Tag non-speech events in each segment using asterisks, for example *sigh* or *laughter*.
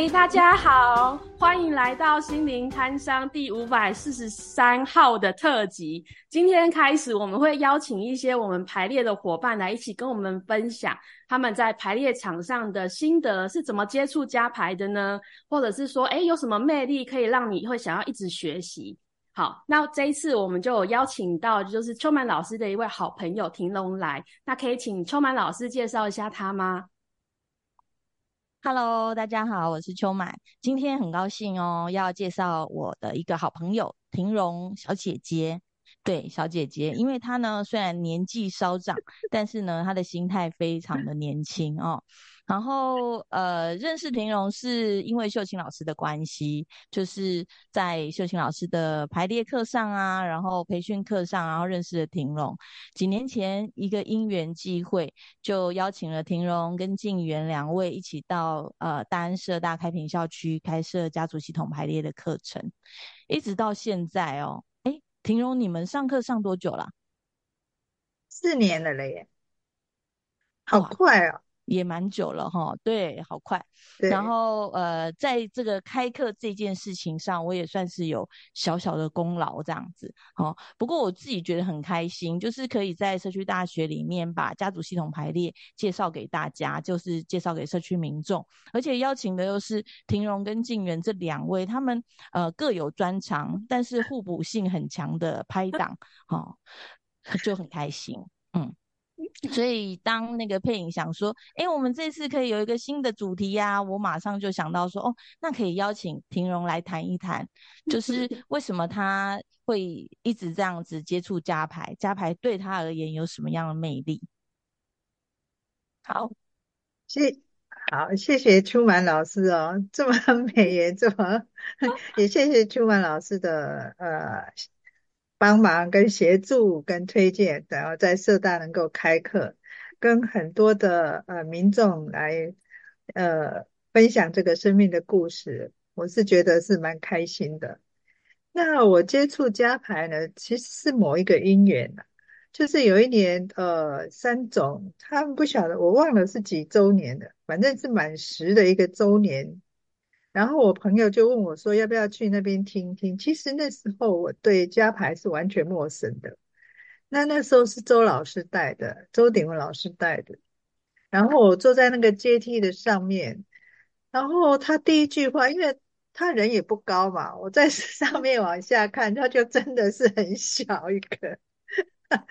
Hey, 大家好，歡迎來到心靈攤商第五百四十三號的特輯。今天開始，我們會邀請一些我們排列的夥伴來一起跟我們分享他們在排列場上的心得，是怎麼接觸家排的呢？或者是說，誒、欸、有什麼魅力可以讓你會想要一直學習？好，那這一次我們就有邀請到就是秋滿老師的一位好朋友廷龍來，那可以請秋滿老師介紹一下他嗎？Hello，大家好，我是秋滿。今天很高興哦，要介紹我的一個好朋友，婷蓉小姐姐。對，小姐姐，因為她呢，雖然年紀稍長，但是呢，她的心態非常的年輕哦。然後，呃，認識廷榮是因為秀琴老師的關係，就是在秀琴老師的排列課上啊，然後培訓課上，然後認識了廷榮。幾年前一個因緣際會，就邀請了廷榮跟靜元兩位一起到呃大安社大開平校區開設家族系統排列的課程，一直到現在哦。庭榮，你們上課上多久了啊？四年了嘞，好快哦。哦啊也蠻久了哈，對，好快。然後呃，在這個開課這件事情上，我也算是有小小的功勞這樣子，哦。不過我自己覺得很開心，就是可以在社區大學裡面把家族系統排列介紹給大家，就是介紹給社區民眾，而且邀請的又是廷榮跟靜媛這兩位，他們呃各有專長，但是互補性很強的拍檔，好，哦，就很開心，嗯。 *noise* 所以，當那個配音想說：“哎、欸，我們這次可以有一個新的主題呀、啊！”我馬上就想到說：“哦，那可以邀請廷榮來談一談，就是為什麼他會一直這樣子接觸家排？家排對他而言有什麼樣的魅力？”好， *noise* 謝，好，謝謝秋滿老師哦，這麼美言，這麼 *laughs* 也謝謝秋滿老師的呃。幫忙跟協助跟推薦，然後在社大能夠開課，跟很多的呃民眾來呃分享這個生命的故事，我是覺得是蠻開心的。那我接觸家排呢，其實是某一個因緣，就是有一年呃，三總他們不曉得我忘了是幾周年的，反正是滿十的一個周年。然後我朋友就問我說：“要不要去那邊聽聽？”其實那時候我對家排是完全陌生的。那那時候是周老師帶的，周鼎文老師帶的。然後我坐在那個階梯的上面，然後他第一句話，因為他人也不高嘛，我在上面往下看，他就真的是很小一個。 *laughs*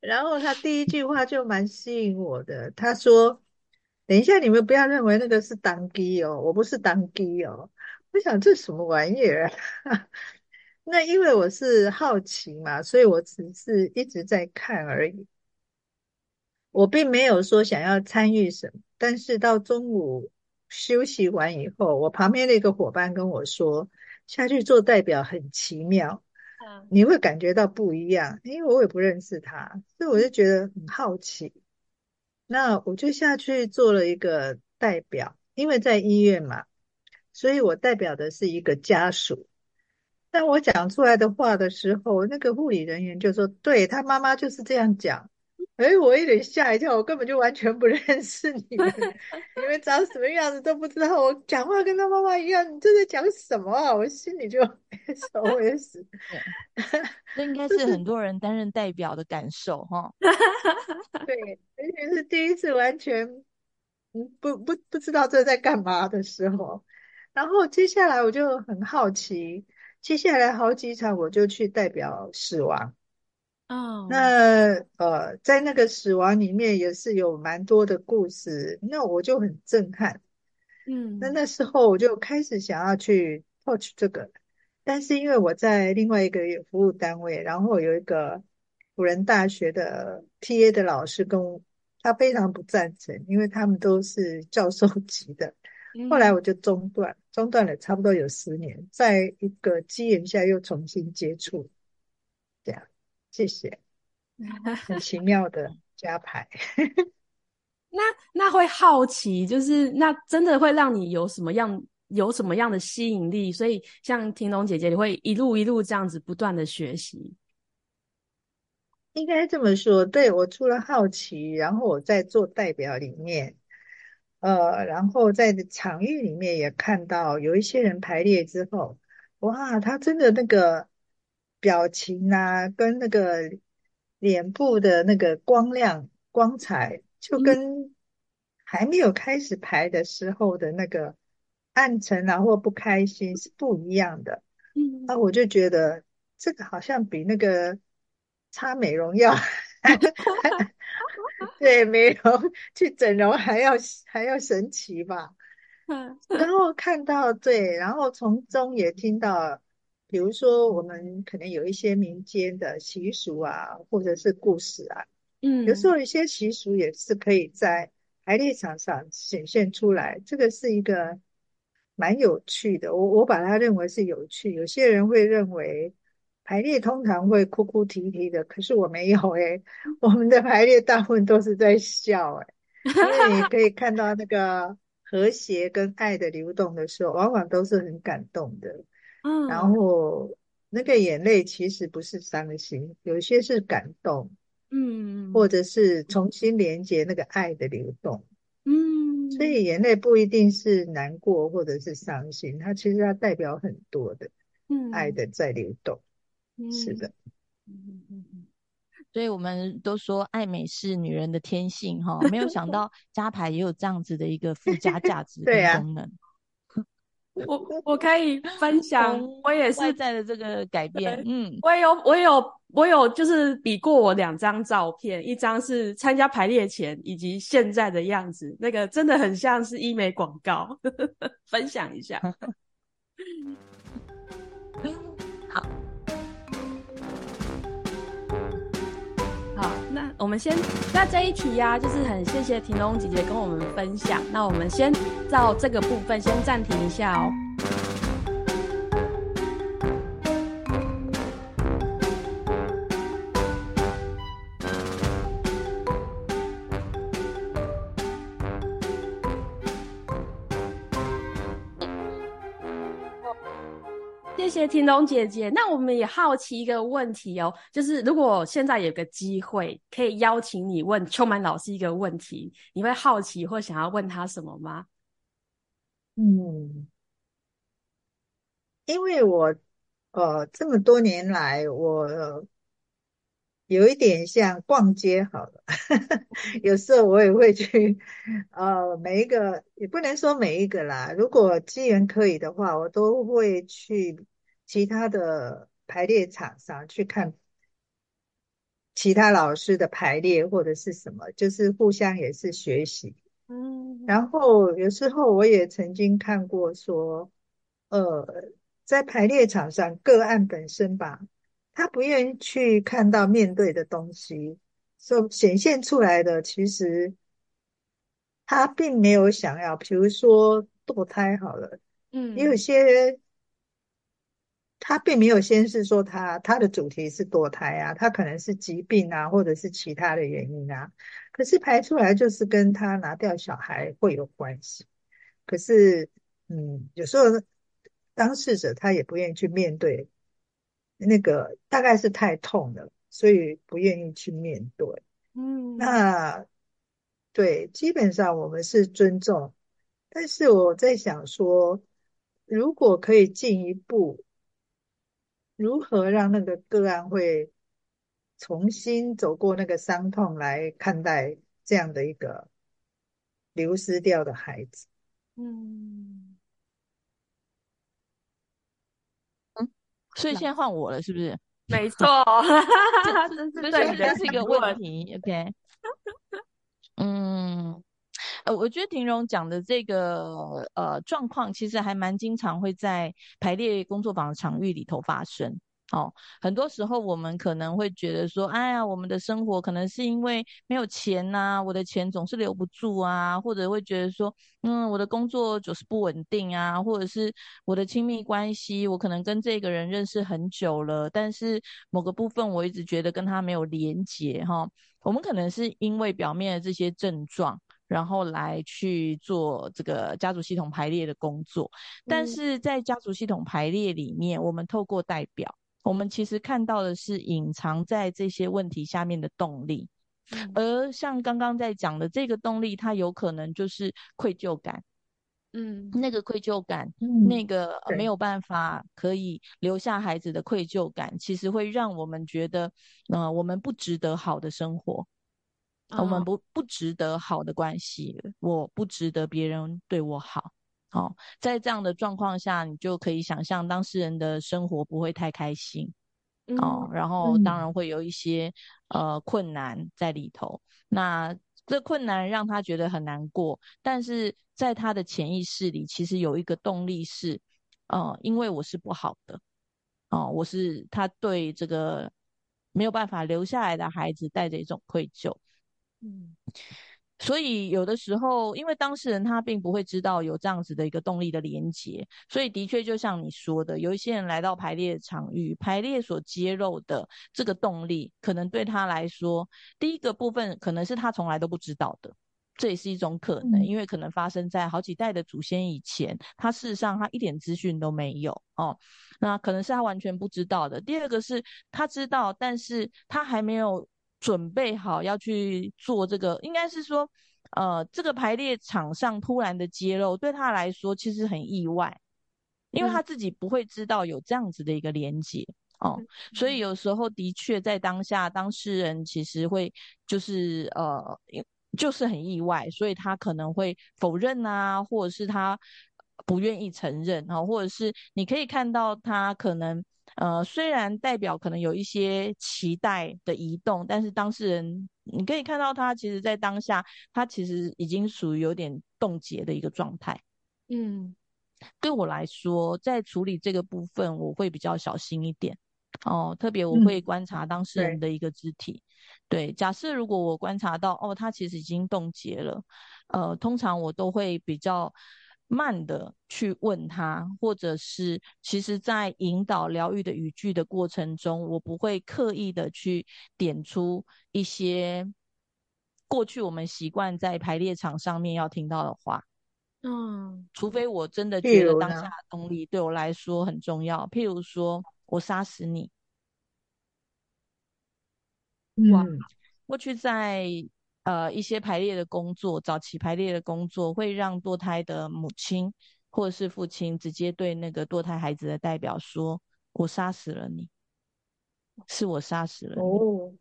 然後他第一句話就蠻吸引我的，他說等一下，你們不要認為那個是當機哦，我不是當機哦。我想這什麼玩意兒、啊？ *laughs* 那因為我是好奇嘛，所以我只是一直在看而已。我並沒有說想要參與什麼。但是到中午休息完以後，我旁邊那個夥伴跟我說，下去做代表很奇妙、嗯，你會感覺到不一樣。因為我也不認識他，所以我就覺得很好奇。那我就下去做了一個代表，因為在醫院嘛，所以我代表的是一個家屬。但我講出來的話的時候，那個護理人員就說：“對，他媽媽就是這樣講。”哎、欸，我有點嚇一跳，我根本就完全不認識你們，你們長什麼樣子都不知道。我講話跟他媽媽一樣，你這在講什麼啊？我心裡就 SOS。這應該是很多人擔任代表的感受哈。就是、 *laughs* 對，而且是第一次完全嗯不不不，不知道這在幹嘛的時候，然後接下來我就很好奇，接下來好幾場我就去代表死亡。哦、oh.，那呃，在那個死亡裡面也是有蠻多的故事，那我就很震撼。嗯、mm.，那那時候我就開始想要去 touch 這個，但是因為我在另外一個服務單位，然後有一個輔仁大學的 TA 的老師跟，跟他非常不贊成，因為他們都是教授級的。後來我就中斷，中斷了差不多有十年，在一個機緣下又重新接觸，這樣。謝謝，很奇妙的 *laughs* 家排。 *laughs* 那那會好奇，就是那真的會讓你有什麼樣有什麼樣的吸引力？所以像婷龍姐姐，你會一路一路這樣子不斷的學習。應該這麼說，對，我除了好奇，然後我在做代表裡面，呃，然後在場域裡面也看到有一些人排列之後，哇，他真的那個。表情啊，跟那個臉部的那個光亮光彩，就跟還沒有開始排的時候的那個暗沉啊或不開心是不一樣的。嗯，那、啊，我就覺得這個好像比那個擦美容藥， *laughs* *laughs* 對，美容去整容還要還要神奇吧？嗯，然後看到，對，然後從中也聽到。比如說，我們可能有一些民間的習俗啊，或者是故事啊，嗯，有時候一些習俗也是可以在排列場上顯現出來。這個是一個蠻有趣的，我我把它認為是有趣。有些人會認為排列通常會哭哭啼啼的，可是我沒有誒，我們的排列大部分都是在笑誒。因為你可以看到那個和諧跟愛的流動的時候，往往都是很感動的。嗯，然後那個眼淚其實不是傷心，有些是感動，嗯，或者是重新連接那個愛的流動，嗯，所以眼淚不一定是難過或者是傷心，它其實它代表很多的，嗯，愛的在流動、嗯，是的，所以我們都說愛美是女人的天性哈，沒有想到家排也有這樣子的一個附加價值的功能。 *laughs* *laughs* 我我可以分享，嗯、我也是外在的這個改變，嗯，我有我有我有，我有就是比過我兩張照片，一張是參加排列前以及現在的樣子，那個真的很像是醫美廣告， *laughs* 分享一下。 *laughs* 我們先，那這一題呀、啊，就是很謝謝婷龍姐姐跟我們分享。那我們先到這個部分先暫停一下哦。謝婷彤姐姐，那我們也好奇一個問題哦，就是如果現在有個機會可以邀請你問秋滿老師一個問題，你會好奇或想要問他什麼嗎？嗯，因為我呃這麼多年來，我有一點像逛街好了， *laughs* 有時候我也會去呃，每一個，也不能說每一個啦，如果機緣可以的話，我都會去。其他的排列場上去看其他老師的排列或者是什麼，就是互相也是學習。嗯，然後有時候我也曾經看過說，呃，在排列場上個案本身吧，他不願意去看到面對的東西，所以顯現出來的其實他並沒有想要，比如說墮胎好了，嗯，也有些。他並沒有先是說他，他的主題是墮胎啊，他可能是疾病啊，或者是其他的原因啊。可是排出來就是跟他拿掉小孩會有關係。可是，嗯，有時候當事者他也不願意去面對那個，大概是太痛了，所以不願意去面對。嗯，那對，基本上我們是尊重，但是我在想說，如果可以進一步。如何讓那個個案會重新走過那個傷痛來看待這樣的一個流失掉的孩子？嗯嗯，所以現在換我了，是不是？沒錯， *laughs* *laughs* 這， *laughs* 這是，這是， *laughs* 這，是這是一個問題。 *laughs* OK，嗯。呃，我覺得廷榮講的這個呃狀況，其實還蠻經常會在排列工作坊的場域裡頭發生。哦，很多時候我們可能會覺得說，哎呀，我們的生活可能是因為沒有錢吶、啊，我的錢總是留不住啊，或者會覺得說，嗯，我的工作總是不穩定啊，或者是我的親密關係，我可能跟這個人認識很久了，但是某個部分我一直覺得跟他沒有連結。哈、哦，我們可能是因為表面的這些症狀，然後來去做這個家族系統排列的工作、嗯，但是在家族系統排列裡面，我們透過代表，我們其實看到的是隱藏在這些問題下面的動力，嗯、而像剛剛在講的這個動力，它有可能就是愧疚感，嗯，那個愧疚感，嗯、那個沒有辦法可以留下孩子的愧疚感，嗯、其實會讓我們覺得，嗯、呃，我們不值得好的生活。Oh. 我們不不值得好的關係，我不值得別人對我好。哦，在這樣的狀況下，你就可以想象當事人的生活不會太開心。嗯、哦，然後當然會有一些、嗯、呃困難在裡頭。那這困難讓他覺得很難過，但是在他的潛意識裡，其實有一個動力是，嗯、呃，因為我是不好的，哦、呃，我是他對這個沒有辦法留下來的孩子帶着一種愧疚。嗯，所以有的時候，因為當事人他並不會知道有這樣子的一個動力的連接，所以的確就像你說的，有一些人來到排列場域，排列所揭露的這個動力，可能對他來說，第一個部分可能是他從來都不知道的，這也是一種可能，嗯、因為可能發生在好幾代的祖先以前，他事實上他一點資訊都沒有哦，那可能是他完全不知道的。第二個是他知道，但是他還沒有。準備好要去做這個，應該是說，呃，這個排列場上突然的揭露對他來說其實很意外，因為他自己不會知道有這樣子的一個連結、嗯、哦，所以有時候的確在當下、嗯、當事人其實會就是呃，就是很意外，所以他可能會否認啊，或者是他不願意承認啊、哦，或者是你可以看到他可能。呃，雖然代表可能有一些期待的移動，但是當事人你可以看到他其實在當下，他其實已經屬於有點凍結的一個狀態。嗯，對我來說，在處理這個部分，我會比較小心一點。哦、呃，特別我會觀察當事人的一個肢體。嗯、對，對，假設如果我觀察到哦，他其實已經凍結了，呃，通常我都會比較。慢的去問他，或者是其實，在引導療癒的語句的過程中，我不會刻意的去點出一些過去我們習慣在排列場上面要聽到的話。嗯、哦，除非我真的覺得當下的動力對我來說很重要，譬如,譬如說我殺死你。哇嗯，過去在。呃，一些排列的工作，早期排列的工作，會讓墮胎的母親或者是父親直接對那個墮胎孩子的代表說：“我殺死了你，是我殺死了你。”哦，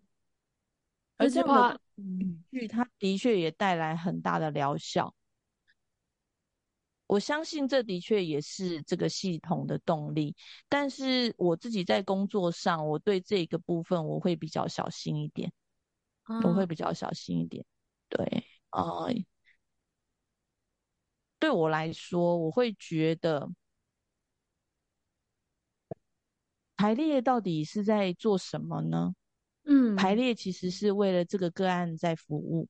而且，語句，嗯，它的確也帶來很大的療效。我相信這的確也是這個系統的動力。但是我自己在工作上，我對這個部分我會比較小心一點。我會比較小心一點，哦、對，啊、呃。對我來說，我會覺得排列到底是在做什麼呢？嗯，排列其實是為了這個個案在服務，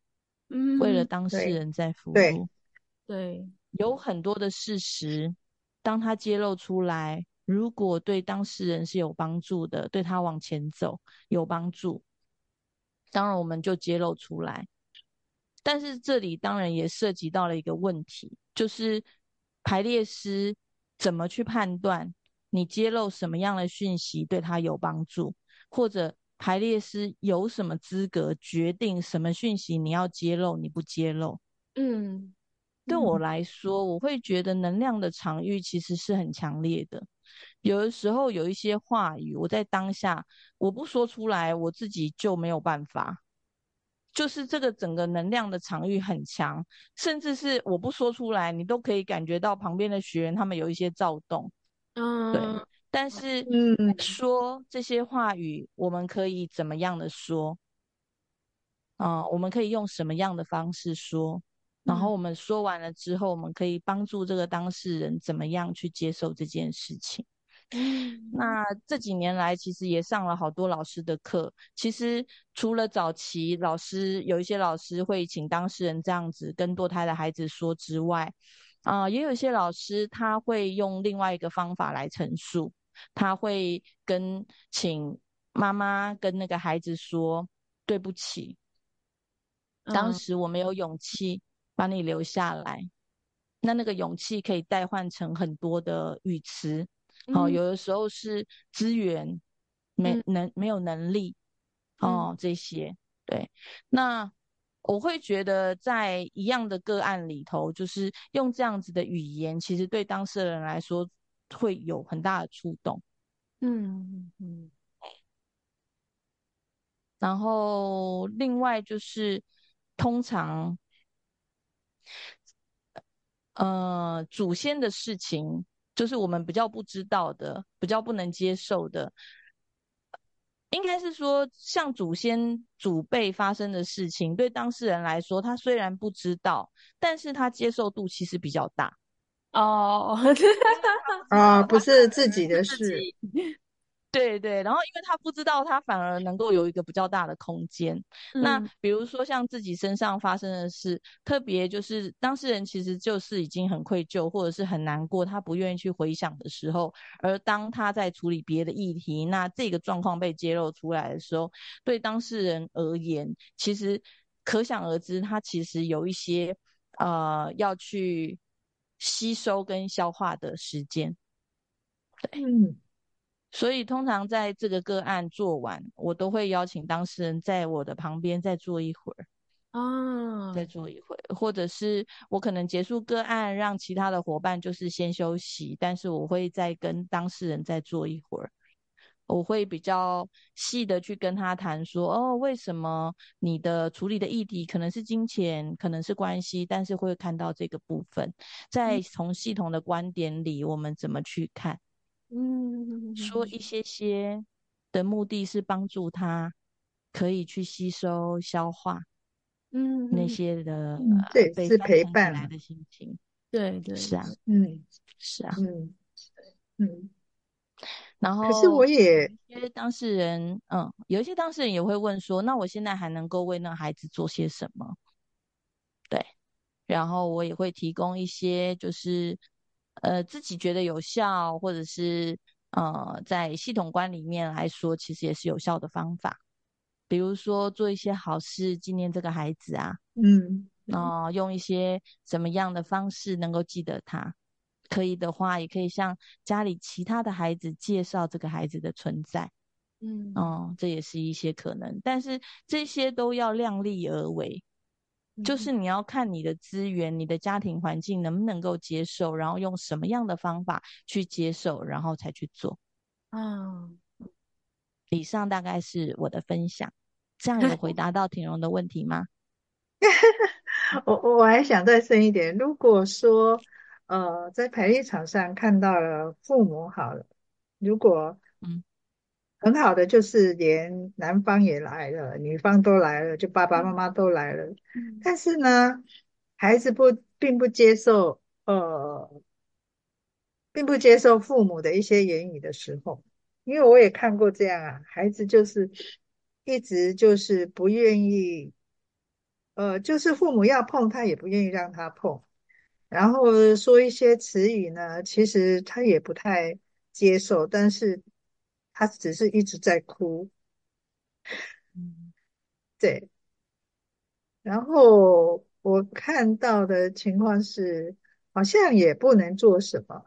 嗯，為了當事人在服務，對對，對，有很多的事實，當他揭露出來，如果對當事人是有幫助的，對他往前走有幫助。當然，我們就揭露出來，但是這裡當然也涉及到了一個問題，就是排列師怎麼去判斷你揭露什麼樣的訊息對他有幫助，或者排列師有什麼資格決定什麼訊息你要揭露，你不揭露？嗯，對我來說，嗯、我會覺得能量的場域其實是很強烈的。有的時候有一些話語，我在當下我不說出來，我自己就沒有辦法。就是這個整個能量的場域很強，甚至是我不說出來，你都可以感覺到旁邊的學員他們有一些躁動。嗯，對。但是，嗯，說這些話語，嗯，我們可以怎麼樣的說？啊，嗯，我們可以用什麼樣的方式說？然後我們說完了之後，我們可以幫助這個當事人怎麼樣去接受這件事情。那這幾年來，其實也上了好多老師的課。其實除了早期老師有一些老師會請當事人這樣子跟墮胎的孩子說之外，啊、呃，也有一些老師他會用另外一個方法來陳述，他會跟請媽媽跟那個孩子說：“對不起，當時我沒有勇氣。”嗯把你留下來，那那個勇氣可以代換成很多的語詞，嗯，哦，有的時候是資源沒能沒有能力，嗯，哦，這些，對。那我會覺得在一樣的個案裡頭，就是用這樣子的語言，其實對當事人來說會有很大的觸動。嗯嗯，然後另外就是通常。呃，祖先的事情就是我們比較不知道的，比較不能接受的。應該是說，像祖先祖輩發生的事情，對當事人來說，他雖然不知道，但是他接受度其實比較大。哦，啊，不是自己的事。對對，然後因為他不知道，他反而能夠有一個比較大的空間。嗯。那比如說像自己身上發生的事，特別就是當事人其實就是已經很愧疚或者是很難過，他不願意去回想的時候，而當他在處理別的議題，那這個狀況被揭露出來的時候，對當事人而言，其實可想而知，他其實有一些呃要去吸收跟消化的時間。嗯。所以，通常在這個個案做完，我都會邀請當事人在我的旁邊再坐一會兒，啊、oh.，再坐一會兒，或者是我可能結束個案，讓其他的夥伴就是先休息，但是我會再跟當事人再坐一會兒，我會比較細的去跟他談說，哦，為什麼你的處理的議題可能是金錢，可能是關係，但是會看到這個部分，在從系統的觀點裡，我們怎麼去看？嗯嗯，嗯，嗯，說一些些的目的是幫助他可以去吸收消化，嗯，嗯，那些的、嗯啊、對是陪伴來的心情，對對，是啊，是，啊對是，啊是啊，嗯是啊，嗯嗯，然後可是我也因為當事人，嗯，有一些當事人也會問說，那我現在還能夠為那孩子做些什麼？對，然後我也會提供一些就是。呃，自己覺得有效，或者是呃，在系統觀裡面來說，其實也是有效的方法。比如說做一些好事紀念這個孩子啊，嗯，哦、呃，用一些什麼樣的方式能夠記得他？可以的話，也可以向家裡其他的孩子介紹這個孩子的存在。嗯，哦、呃，這也是一些可能，但是這些都要量力而為。就是你要看你的資源、你的家庭環境能不能夠接受，然後用什麼樣的方法去接受，然後才去做。啊、嗯，以上大概是我的分享，這樣有回答到婷蓉的問題嗎？ *laughs* 我我還想再深一點，如果說呃，在排列場上看到了父母好了，如果。很好的，就是連男方也來了，女方都來了，就爸爸媽媽都來了、嗯。但是呢，孩子不，並不接受，呃，並不接受父母的一些言語的時候。因為我也看過這樣啊，孩子就是一直就是不願意，呃，就是父母要碰，他也不願意讓他碰。然後說一些詞語呢，其實他也不太接受，但是。他只是一直在哭，嗯，對。然後我看到的情況是，好像也不能做什麼，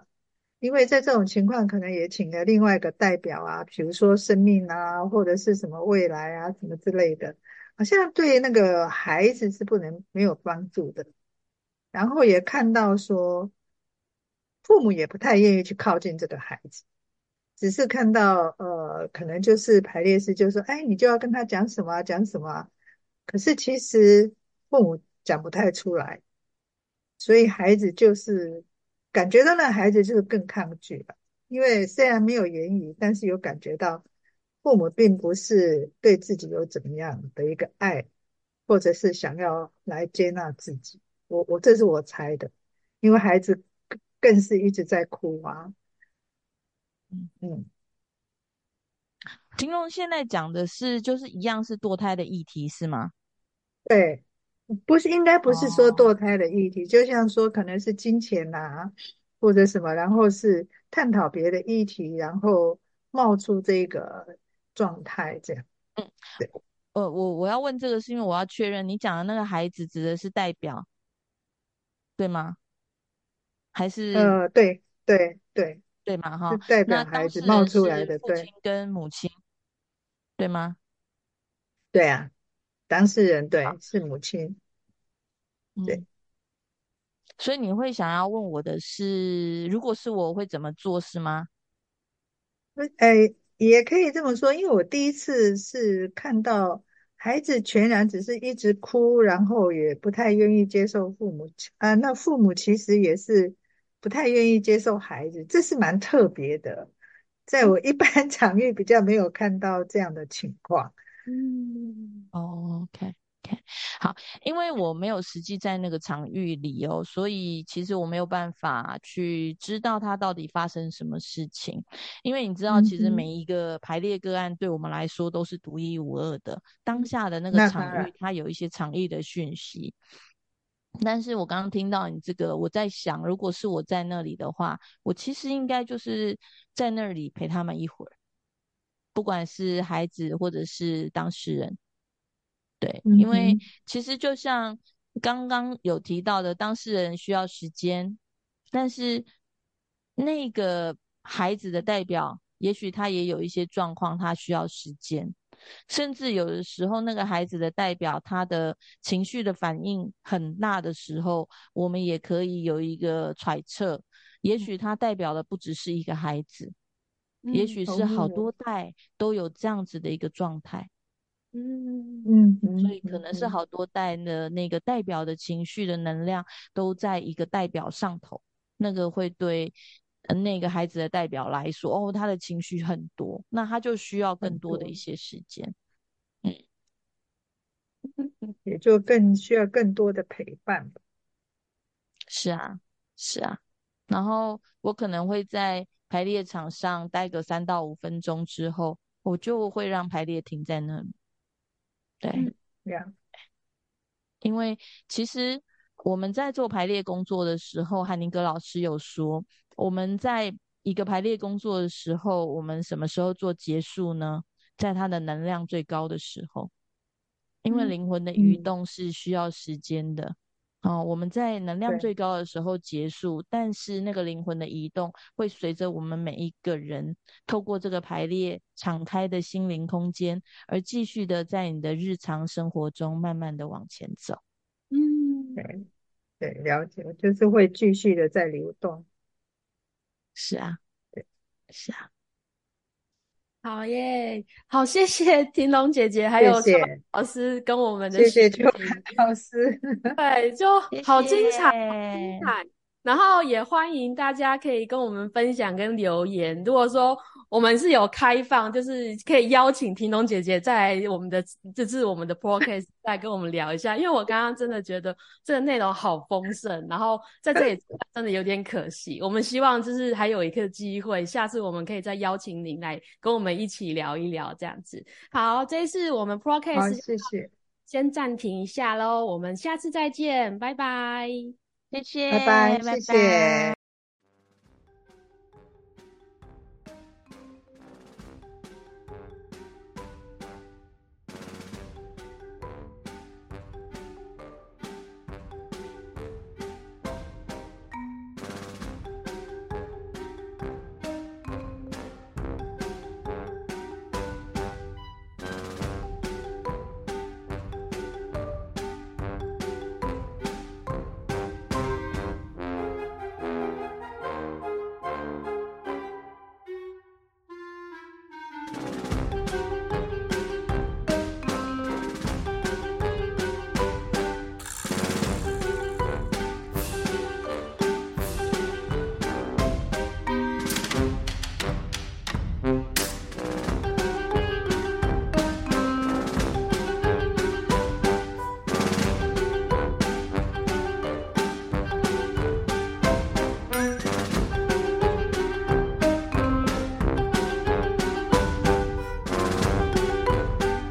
因為在這種情況，可能也請了另外一個代表啊，比如說生命啊，或者是什麼未來啊，什麼之類的，好像對那個孩子是不能沒有幫助的。然後也看到說，父母也不太願意去靠近這個孩子。只是看到，呃，可能就是排列師是，就是說，哎，你就要跟他講什麼啊，講什麼啊。可是其實父母講不太出來，所以孩子就是感覺到了孩子就是更抗拒了。因為雖然沒有言語，但是有感覺到父母並不是對自己有怎麼樣的一個愛，或者是想要來接納自己。我我這是我猜的，因為孩子更是一直在哭啊。嗯嗯，金融現在講的是，就是一樣是墮胎的議題是嗎？對，不是應該不是說墮胎的議題，哦、就像說可能是金錢吶、啊、或者什麼，然後是探討別的議題，然後冒出這個狀態這樣。對嗯，呃、我我我要問這個是因為我要確認你講的那個孩子指的是代表對嗎？還是呃對對對。對對對嗎？哈，代表孩子冒出來的，那當時是父親跟母親，對，對嗎？對啊，當事人對是母親，對、嗯。所以你會想要問我的是，如果是我會怎麼做，是嗎？呃、嗯，也可以這麼說，因為我第一次是看到孩子全然只是一直哭，然後也不太願意接受父母啊，那父母其實也是。不太願意接受孩子，這是蠻特別的，在我一般場域比較沒有看到這樣的情況。嗯，OK OK，好，因為我沒有實際在那個場域裡哦，所以其實我沒有辦法去知道它到底發生什麼事情。因為你知道，其實每一個排列個案對我們來說都是獨一無二的，當下的那個場域，它有一些場域的訊息。但是我剛剛聽到你這個，我在想，如果是我在那裡的話，我其實應該就是在那裡陪他們一會兒，不管是孩子或者是當事人，對，因為其實就像剛剛有提到的，當事人需要時間，但是那個孩子的代表，也許他也有一些狀況，他需要時間。甚至有的時候，那個孩子的代表，他的情緒的反應很大的時候，我們也可以有一個揣測，也許他代表的不只是一個孩子，也許是好多代都有這樣子的一個狀態。嗯嗯，所以可能是好多代的那個代表的情緒的能量都在一個代表上頭，那個會對。那個孩子的代表來說，哦，他的情緒很多，那他就需要更多的一些時間，嗯，也就更需要更多的陪伴吧。是啊，是啊。然後我可能會在排列場上待個三到五分鐘之後，我就會讓排列停在那裡。對，對。嗯，這樣。因為其實。我們在做排列工作的時候，海寧格老師有說，我們在一個排列工作的時候，我們什麼時候做結束呢？在它的能量最高的時候，因為靈魂的移動是需要時間的啊、嗯嗯呃。我們在能量最高的時候結束，但是那個靈魂的移動會隨着我們每一個人透過這個排列敞開的心靈空間，而繼續的在你的日常生活中慢慢的往前走。對，對，了解，就是會繼續的在流動。是啊，對，是啊。好耶，好，謝謝婷龍姐姐，還有秋滿老師跟我們的姐姐，謝謝秋滿老師，對，就好精彩，謝謝好精彩。謝謝好精彩。然後也歡迎大家可以跟我們分享跟留言。如果說我們是有開放，就是可以邀請婷龍姐姐在我們的這次、就是、我們的 podcast 再來跟我們聊一下。因為我剛剛真的覺得這個內容好豐盛，然後在這裡真的有點可惜。我們希望就是還有一個機會，下次我們可以再邀請您來跟我們一起聊一聊這樣子。好，這一次我們 podcast 謝謝，先暫停一下嘍，我們下次再見，拜拜。謝謝，拜拜，謝謝。拜拜。